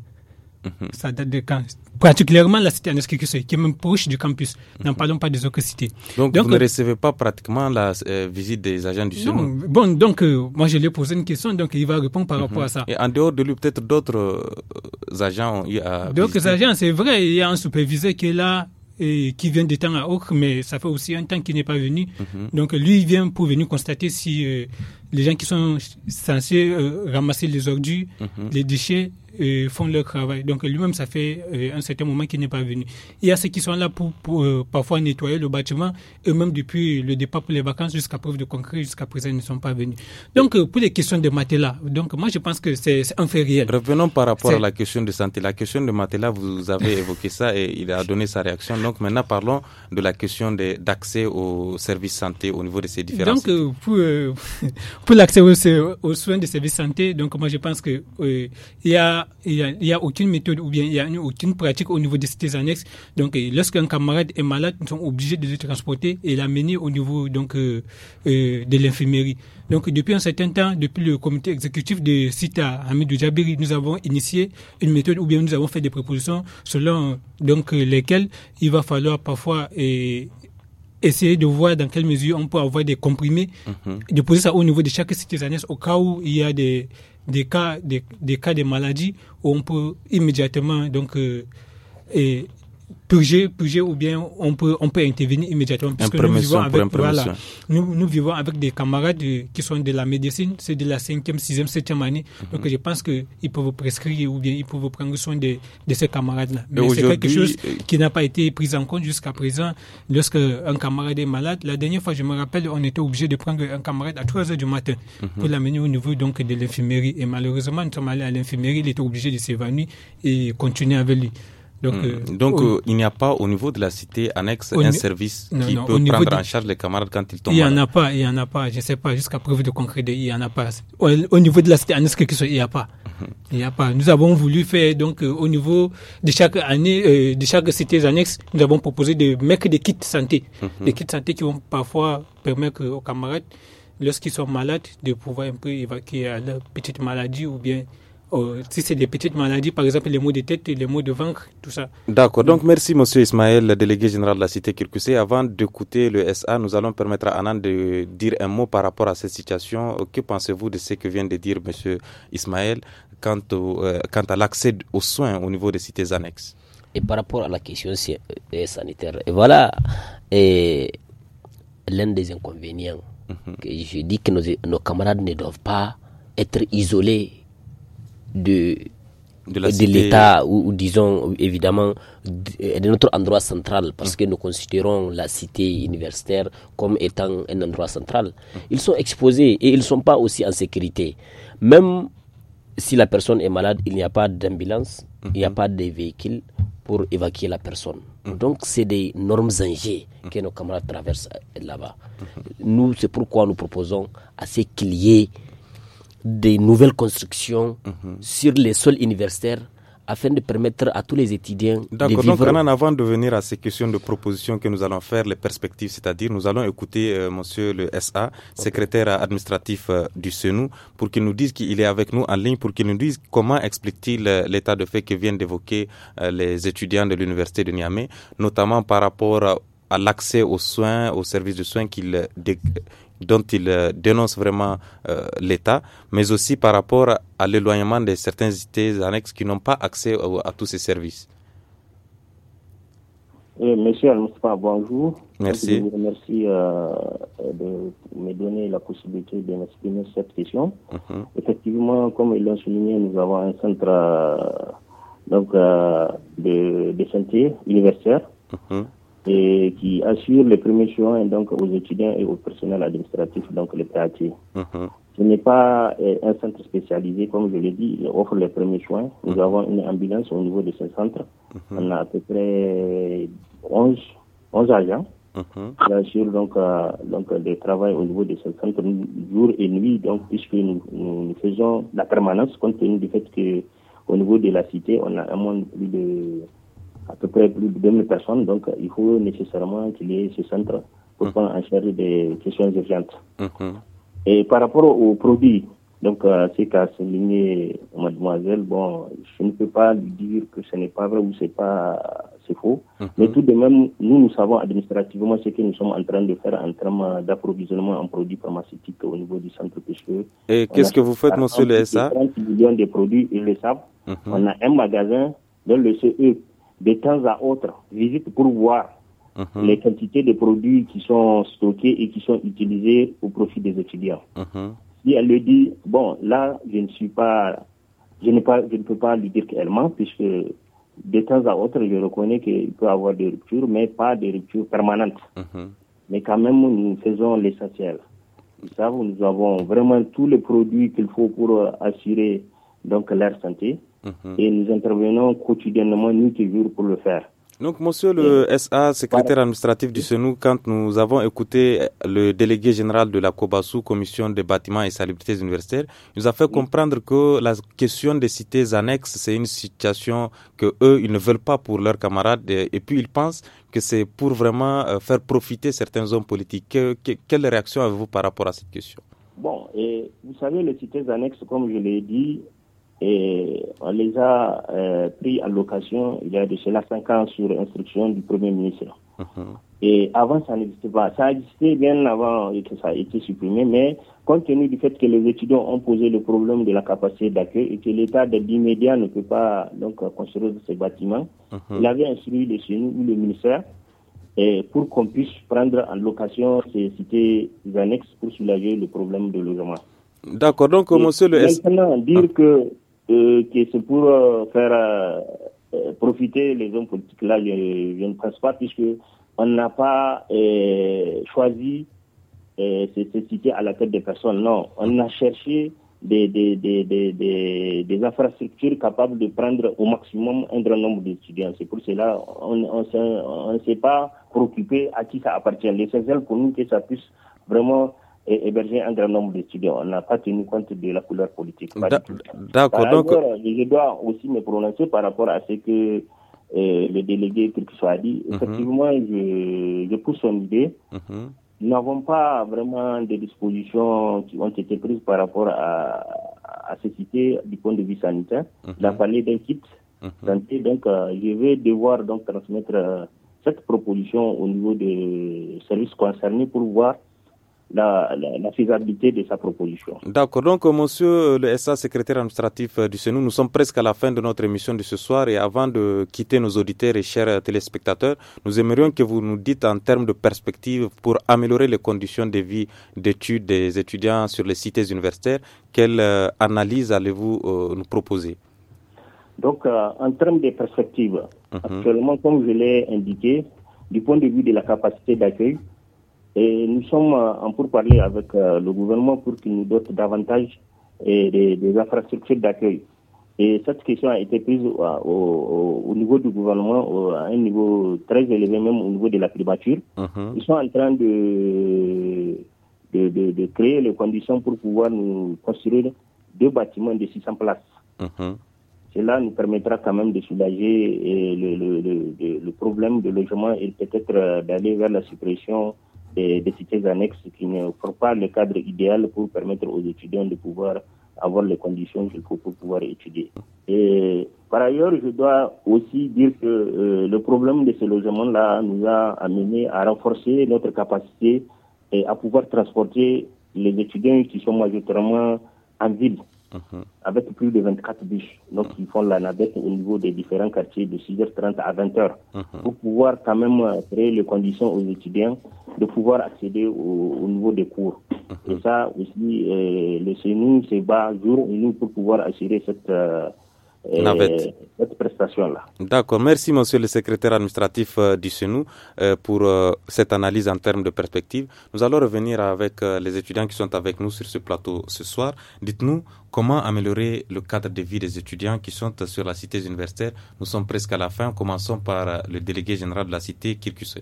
Mhm. Ça date de quand Particulièrement la cité Aneskikuse, qui est même proche du campus. N'en mhm. parlons pas des autres cités. Donc, vous ne euh, recevez pas pratiquement la euh, visite des agents du non, Bon, donc euh, moi je lui ai posé une question, donc il va répondre par rapport à mhm. ça. Et en dehors de lui, peut-être d'autres agents ont eu à. D'autres agents, c'est vrai, il y a un superviseur qui est là. Et qui vient de temps à autre, mais ça fait aussi un temps qu'il n'est pas venu. Donc lui, il vient pour venir constater si les gens qui sont censés ramasser les ordures, les déchets, font leur travail. Donc lui-même, ça fait euh, un certain moment qu'il n'est pas venu. Il y a ceux qui sont là pour, euh, parfois nettoyer le bâtiment, et même depuis le départ pour les vacances jusqu'à preuve de concret, jusqu'à présent, ils ne sont pas venus. Donc euh, pour les questions de Matéla, donc moi je pense que c'est un fait réel. Revenons par rapport à la question de santé. La question de Matéla, vous avez évoqué ça et il a donné sa réaction. Donc maintenant, parlons de la question d'accès aux services santé au niveau de ces différents. Donc pour, pour l'accès aux, soins des services santé, donc moi je pense que il y a il n'y a, aucune méthode ou bien il n'y a aucune pratique au niveau des cités annexes. Donc, euh, lorsqu'un camarade est malade, nous sommes obligés de le transporter et l'amener au niveau donc euh, euh, de l'infirmerie. Donc, depuis un certain temps, depuis le comité exécutif de CITA, Hamidou Jabiri, nous avons initié une méthode ou bien nous avons fait des propositions selon donc lesquelles il va falloir parfois essayer de voir dans quelle mesure on peut avoir des comprimés, mhm. de poser ça au niveau de chaque cité au cas où il y a des des cas, des, des cas de maladies où on peut immédiatement donc, euh, purger, purger ou bien on peut, on peut intervenir immédiatement. Parce que nous vivons, avec, nous, vivons avec des camarades qui sont de la médecine, c'est de la cinquième, sixième, septième année. Mhm. Donc je pense qu'ils peuvent prescrire ou bien ils peuvent prendre soin de, de ces camarades-là. Mais c'est quelque chose qui n'a pas été pris en compte jusqu'à présent. Lorsque un camarade est malade, la dernière fois, je me rappelle, on était obligé de prendre un camarade à 3 heures du matin mhm. pour l'amener au niveau donc, de l'infirmerie. Et malheureusement, nous sommes allés à l'infirmerie, il était obligé de s'évanouir et continuer avec lui. Donc, hmm. euh, euh, il n'y a pas au niveau de la cité annexe un service qui peut prendre en charge les camarades quand ils tombent. Il n'y en a pas, il n'y en a pas, je ne sais pas, jusqu'à preuve de concret, il n'y en a pas. Au, niveau de la cité annexe, il n'y a pas. Mhm. Il a pas. Nous avons voulu faire, donc, euh, au niveau de chaque année, de chaque cité annexe, nous avons proposé de mettre des kits santé. Mhm. Des kits santé qui vont parfois permettre aux camarades, lorsqu'ils sont malades, de pouvoir un peu évacuer leur petite maladie ou bien Oh, si c'est des petites maladies, par exemple les maux de tête, les maux de ventre, tout ça. D'accord. Mm. Donc, merci, monsieur Ismaël, délégué général de la cité Kirkusé Avant d'écouter le SA, nous allons permettre à Anand de dire un mot par rapport à cette situation. Que pensez-vous de ce que vient de dire monsieur Ismaël quant, euh, à l'accès aux soins au niveau des cités annexes Et par rapport à la question euh, sanitaire, et voilà l'un des inconvénients. Mhm. que je dis que nos camarades ne doivent pas être isolés de de l'État ou, disons évidemment de, notre endroit central parce mm. que nous considérons la cité universitaire comme étant un endroit central. Ils sont exposés et ils ne sont pas aussi en sécurité. Même si la personne est malade, il n'y a pas d'ambulance, il n'y a mm-hmm. pas de véhicule pour évacuer la personne. Mm. Donc c'est des normes ingées mm. que nos camarades traversent euh, là-bas. Mm-hmm. Nous, c'est pourquoi nous proposons à ce qu'il y ait des nouvelles constructions mhm. sur les sols universitaires afin de permettre à tous les étudiants de vivre. Donc, en avant de venir à ces questions de propositions que nous allons faire, les perspectives, c'est-à-dire nous allons écouter M. Euh, monsieur le SA, secrétaire administratif euh, du CENU, pour qu'il nous dise qu'il est avec nous en ligne, pour qu'il nous dise comment explique-t-il euh, l'état de fait que viennent d'évoquer les étudiants de l'université de Niamey, notamment par rapport à l'accès aux soins, aux services de soins qu'ils dont il euh, dénonce vraiment euh, l'État, mais aussi par rapport à l'éloignement de certains cités annexes qui n'ont pas accès à, tous ces services. monsieur al bonjour. Merci. Je euh, de me donner la possibilité de m'exprimer sur cette question. Mhm. Effectivement, comme il l'a souligné, nous avons un centre donc, de, santé universitaire mhm et qui assure les premiers soins donc aux étudiants et au personnel administratif, donc les PAT. Mhm. Ce n'est pas euh, un centre spécialisé, comme je l'ai dit, il offre les premiers soins. Nous mhm. avons une ambulance au niveau de ce centre. Mhm. On a à peu près 11, 11 agents qui assurent donc, euh, donc le euh, travail au niveau de ce centre jour et nuit, donc, puisque nous, faisons la permanence, compte tenu du fait que au niveau de la cité, on a un monde plus de à peu près plus de 2000 personnes. Donc, euh, il faut nécessairement qu'il y ait ce centre pour mmh. prendre en des questions urgentes. Et par rapport aux produits, donc, ce euh, c'est qu'a souligné mademoiselle, bon, je ne peux pas lui dire que ce n'est pas vrai ou c'est pas, c'est faux. Mais tout de même, nous, nous savons administrativement ce que nous sommes en train de faire en termes d'approvisionnement en produits pharmaceutiques au niveau du centre pêcheux. Et qu'est-ce que vous faites, monsieur le SA 30 millions de produits, ils le savent. On a un magasin dans le CE de temps à autre, visite pour voir mhm. les quantités de produits qui sont stockés et qui sont utilisés au profit des étudiants. Mhm. Si elle le dit, bon, là, je ne suis pas, je pas, je ne peux pas lui dire qu'elle ment, puisque de temps à autre, je reconnais qu'il peut y avoir des ruptures, mais pas des ruptures permanentes. Mhm. Mais quand même, nous faisons l'essentiel. Nous avons vraiment tous les produits qu'il faut pour euh, assurer donc leur santé. Mhm. Et nous intervenons quotidiennement, nuit et jour, pour le faire. Donc, monsieur le SA, secrétaire administratif du CENU, quand nous avons écouté le délégué général de la COBASU, Commission des bâtiments et salubrités universitaires, il nous a fait comprendre que la question des cités annexes, c'est une situation que eux, ils ne veulent pas pour leurs camarades. Et puis, ils pensent que c'est pour vraiment euh, faire profiter certains hommes politiques. quelle réaction avez-vous par rapport à cette question Bon, et vous savez, les cités annexes, comme je l'ai dit, et on les a euh, pris en location il y a de cela 5 ans, sur instruction du Premier ministre. Uh-huh. Et avant, ça n'existait pas. Ça existait bien avant que ça ait été supprimé, mais compte tenu du fait que les étudiants ont posé le problème de la capacité d'accueil et que l'État d'immédiat ne peut pas donc construire ces bâtiments, uh-huh. il avait instruit le ministère, et pour qu'on puisse prendre en location ces cités annexes pour soulager le problème de logement. D'accord, donc, monsieur le... Maintenant, dire ah. que que c'est pour euh, faire euh, euh, profiter les hommes politiques. Là, je, ne pense pas, puisque on n'a pas choisi ces, ces à la tête des personnes. Non, on a cherché des, des, infrastructures capables de prendre au maximum un grand nombre d'étudiants. C'est pour cela on ne s'est pas préoccupé à qui ça appartient. L'essentiel pour nous, que ça puisse vraiment hébergé un grand nombre d'étudiants. On n'a pas tenu compte de la couleur politique. D'accord. Je dois aussi me prononcer par rapport à ce que euh, le délégué qui soit dit. Mhm. Effectivement, je, pousse son idée. Nous mhm. n'avons pas vraiment des dispositions qui ont été prises par rapport à, à ces cités du point de vue sanitaire. Mhm. la -hmm. Il a d'un kit santé. Donc, euh, je vais devoir donc transmettre euh, cette proposition au niveau des services concernés pour voir la, faisabilité de sa proposition. D'accord. Donc, euh, monsieur euh, le SA secrétaire administratif euh, du CENU, nous sommes presque à la fin de notre émission de ce soir et avant de quitter nos auditeurs et chers téléspectateurs, nous aimerions que vous nous dites en termes de perspectives pour améliorer les conditions de vie d'études des étudiants sur les cités universitaires, quelle analyse allez-vous nous proposer Donc, en termes de perspectives, mhm. actuellement, comme je l'ai indiqué, du point de vue de la capacité d'accueil, et nous sommes euh, en pourparlers avec euh, le gouvernement pour qu'il nous dote davantage des, des infrastructures d'accueil. Et cette question a été prise au, niveau du gouvernement, à un niveau très élevé, même au niveau de la primature. Uh-huh. Ils sont en train de de, créer les conditions pour pouvoir nous construire deux bâtiments de 600 places. Uh-huh. Cela nous permettra quand même de soulager le problème de logement et peut-être euh, d'aller vers la suppression des, cités annexes qui ne font pas le cadre idéal pour permettre aux étudiants de pouvoir avoir les conditions qu'il faut pour pouvoir étudier. par ailleurs, je dois aussi dire que euh, le problème de ce logement-là nous a amené à renforcer notre capacité et euh, à pouvoir transporter les étudiants qui sont majoritairement en ville Mhm. avec plus de 24 bûches. Donc, mhm. ils font la navette au niveau des différents quartiers de 6h30 à 20h mhm. pour pouvoir quand même euh, créer les conditions aux étudiants de pouvoir accéder au, niveau des cours. Et ça aussi, euh, le CNU se bat jour et nuit pour pouvoir assurer cette, euh, Navette. Eh, cette prestation-là. D'accord. Merci, monsieur le secrétaire administratif eh, du CENU, eh, pour cette analyse en termes de perspective. Nous allons revenir avec les étudiants qui sont avec nous sur ce plateau ce soir. Dites-nous comment améliorer le cadre de vie des étudiants qui sont sur la cité universitaire. Nous sommes presque à la fin. Commençons par le délégué général de la cité, Kirkusse.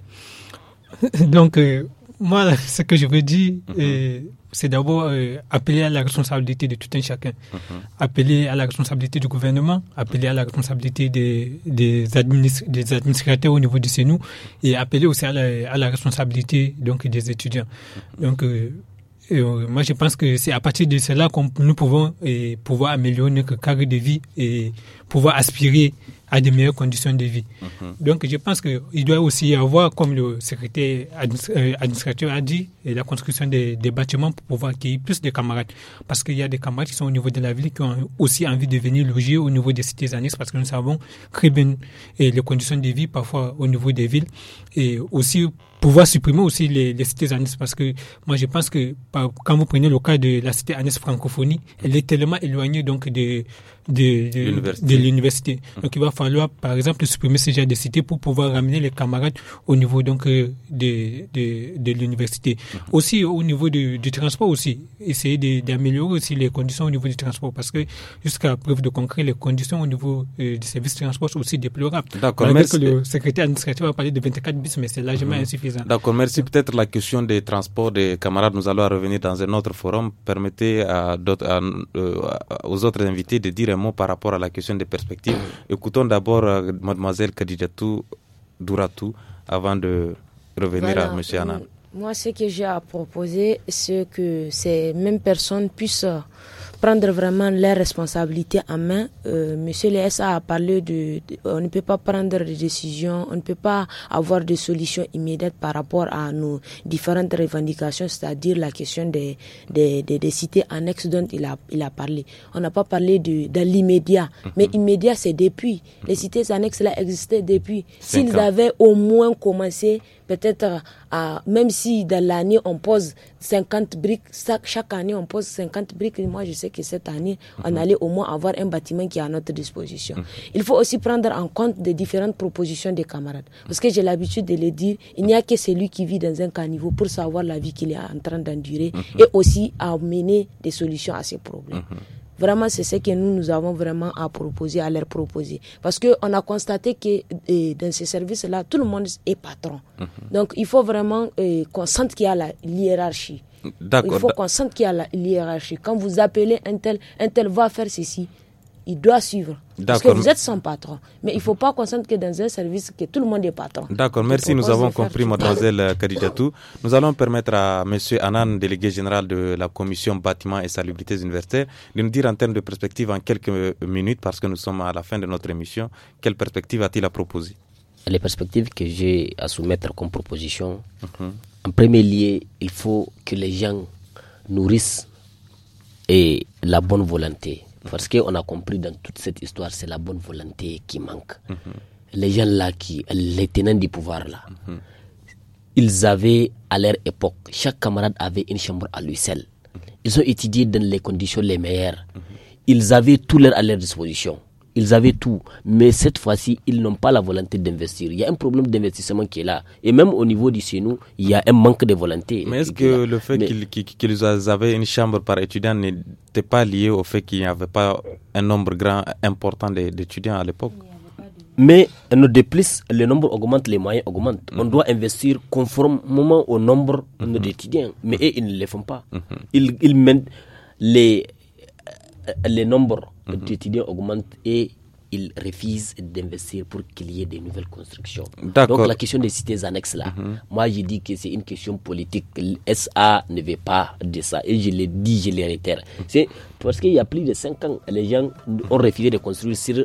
Donc, euh, moi, ce que je veux dire, mhm. euh, c'est d'abord euh, appeler à la responsabilité de tout un chacun, mhm. appeler à la responsabilité du gouvernement, appeler à la responsabilité des, des, administrateurs au niveau du CNU et appeler aussi à la, responsabilité donc, des étudiants. Mhm. Donc, euh, moi, je pense que c'est à partir de cela que nous pouvons pouvoir améliorer notre cadre de vie et pouvoir aspirer à de meilleures conditions de vie. Mhm. Donc je pense qu'il doit aussi y avoir, comme le secrétaire euh, administrateur a dit, euh, la construction des, des bâtiments pour pouvoir accueillir plus de camarades. Parce qu'il y a des camarades qui sont au niveau de la ville qui ont aussi envie de venir loger au niveau des cités annexes parce que nous savons très bien et euh, les conditions de vie parfois au niveau des villes et aussi pouvoir supprimer aussi les, cités annexes parce que moi je pense que quand vous prenez le cas de la cité annexe francophonie, elle est tellement éloignée donc de, de, l'université. Donc il va falloir, par exemple, supprimer ces gens de cité pour pouvoir ramener les camarades au niveau donc euh, de, de, l'université. Mhm. Aussi au niveau du, du transport aussi, essayer d'améliorer aussi les conditions au niveau du transport parce que jusqu'à preuve de concret, les conditions au niveau euh, du service de transport sont aussi déplorables. D'accord. Merci. le secrétaire administratif a parlé de 24 bus, mais c'est largement mhm. insuffisant. D'accord. Merci. Peut-être la question des transports des camarades, nous allons revenir dans un autre forum. Permettez à, euh, aux autres invités de dire un mot par rapport à la question des perspectives. Mhm. Écoutons d'abord euh, mademoiselle Kadidatou Douratou avant de revenir à monsieur Anna. Moi, ce que j'ai à proposer, c'est que ces mêmes personnes puissent prendre vraiment leurs responsabilités en main. Euh, monsieur le a parlé de, on ne peut pas prendre des décisions, on ne peut pas avoir de solutions immédiates par rapport à nos différentes revendications, c'est-à-dire la question des, des, des, cités annexes dont il a, il a parlé. On n'a pas parlé de, l'immédiat, mhm. mais immédiat c'est depuis. Les cités annexes là existaient depuis. S'ils avaient au moins commencé peut-être même si dans l'année on pose 50 briques, chaque, année on pose 50 briques, moi je sais que cette année on mhm. allait au moins avoir un bâtiment qui est à notre disposition. Mhm. Il faut aussi prendre en compte des différentes propositions des camarades. Parce que j'ai l'habitude de le dire, il n'y a que celui qui vit dans un caniveau pour savoir la vie qu'il est en train d'endurer mhm. et aussi amener des solutions à ces problèmes. Vraiment, c'est ce que nous, nous avons vraiment à proposer, à leur proposer. Parce que on a constaté que eh, dans ces services-là, tout le monde est patron. Mhm. Donc, il faut vraiment eh, qu'on sente qu'il y a la hiérarchie. Il faut qu'on sente qu'il y a la hiérarchie. Quand vous appelez un tel, un tel va faire ceci, il doit suivre. Parce que vous êtes son patron. Mais il ne faut pas qu'on sente que dans un service, que tout le monde est patron. D'accord, merci. Nous avons compris, mademoiselle Kadidatou. Nous allons permettre à monsieur Anan, délégué général de la commission bâtiments et salubrités universitaire de nous dire en termes de perspective en quelques minutes, parce que nous sommes à la fin de notre émission, quelle perspective a-t-il à proposer Les perspectives que j'ai à soumettre comme proposition, mhm. en premier lieu, il faut que les gens nourrissent et la bonne volonté parce qu'on a compris dans toute cette histoire, c'est la bonne volonté qui manque. Les gens là, qui, les tenants du pouvoir là, ils avaient à leur époque, chaque camarade avait une chambre à lui seul. Ils ont étudié dans les conditions les meilleures. Ils avaient tout leur à leur disposition ils avaient tout. Mais cette fois-ci, ils n'ont pas la volonté d'investir. Il y a un problème d'investissement qui est là. Et même au niveau d'ici nous il y a un manque de volonté. Mais est-ce que le fait qu'ils avaient une chambre par étudiant n'était pas lié au fait qu'il n'y avait pas un nombre grand, important d'étudiants à l'époque mais de plus, le nombre augmente, les moyens augmentent. On mhm. doit investir conformément au nombre mhm. d'étudiants. Mais mhm. ils ne le font pas. Ils, ils les, euh, les nombres d'étudiants mhm. augmente et ils refusent d'investir pour qu'il y ait des nouvelles constructions. Donc la question des cités annexes là, mhm. moi je dis que c'est une question politique. SA ne veut pas de ça et je l'ai dit, je réitéré. réitère. Mhm. Parce qu'il y a plus de 5 ans, les gens ont refusé de construire sur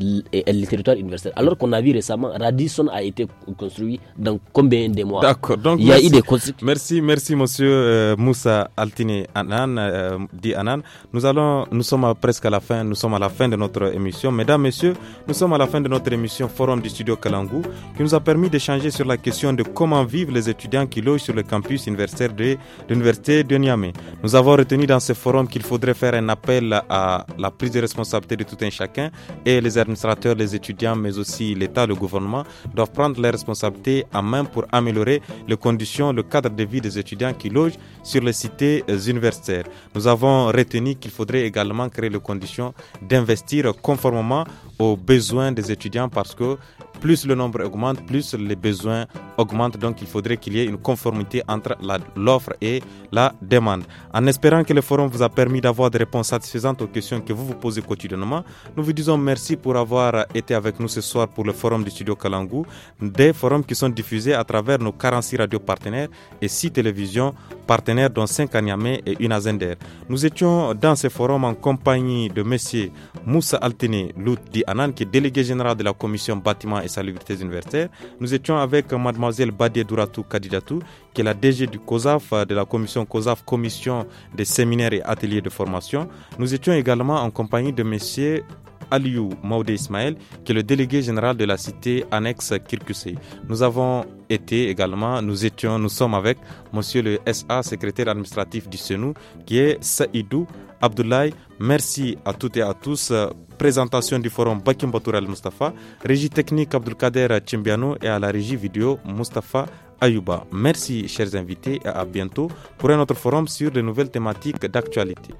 le, territoire universitaire. Alors qu'on a vu récemment, Radisson a été construit dans combien de mois D'accord. Donc, il a merci, eu des Merci, merci, monsieur euh, Moussa Altini Anan, euh, dit Anan. Nous, allons, nous sommes presque à la fin. Nous sommes à la fin de notre émission. Mesdames, messieurs, nous sommes à la fin de notre émission Forum du studio Kalangou qui nous a permis d'échanger sur la question de comment vivent les étudiants qui logent sur le campus universitaire de, de l'université de Niamey. Nous avons retenu dans ce forum qu'il faudrait faire un appel à la prise de responsabilité de tout un chacun et les administrateurs, les étudiants, mais aussi l'État, le gouvernement doivent prendre les responsabilités en main pour améliorer les conditions, le cadre de vie des étudiants qui logent sur les cités universitaires. Nous avons retenu qu'il faudrait également créer les conditions d'investir conformément aux besoins des étudiants parce que plus le nombre augmente, plus les besoins augmentent. Donc il faudrait qu'il y ait une conformité entre l'offre et la demande. En espérant que le forum vous a permis d'avoir des réponses satisfaisantes aux questions que vous vous posez quotidiennement, nous vous disons merci pour avoir été avec nous ce soir pour le forum du studio Kalangu, des forums qui sont diffusés à travers nos 46 radios partenaires et 6 télévisions partenaires dont 5 à et une à Zender. Nous étions dans ce forum en compagnie de M. Moussa Altene Lout Di Anan, qui est délégué général de la commission bâtiment et liberté universitaire, Nous étions avec mademoiselle Badie Douratou Kadidatou, qui est la DG du COSAF, euh, de la commission COSAF, commission des séminaires et ateliers de formation. Nous étions également en compagnie de messieurs Aliou Maudé Ismaël, qui est le délégué général de la cité annexe Kirkusé. Nous avons été également, nous étions, nous sommes avec Monsieur le SA, secrétaire administratif du SENU, qui est Saïdou Abdoulaye. Merci à toutes et à tous. Présentation du forum Bakim Batour Al-Mustafa, régie technique Abdelkader Tchimbiano et à la régie vidéo Mustafa Ayouba. Merci, chers invités, et à bientôt pour un autre forum sur de nouvelles thématiques d'actualité.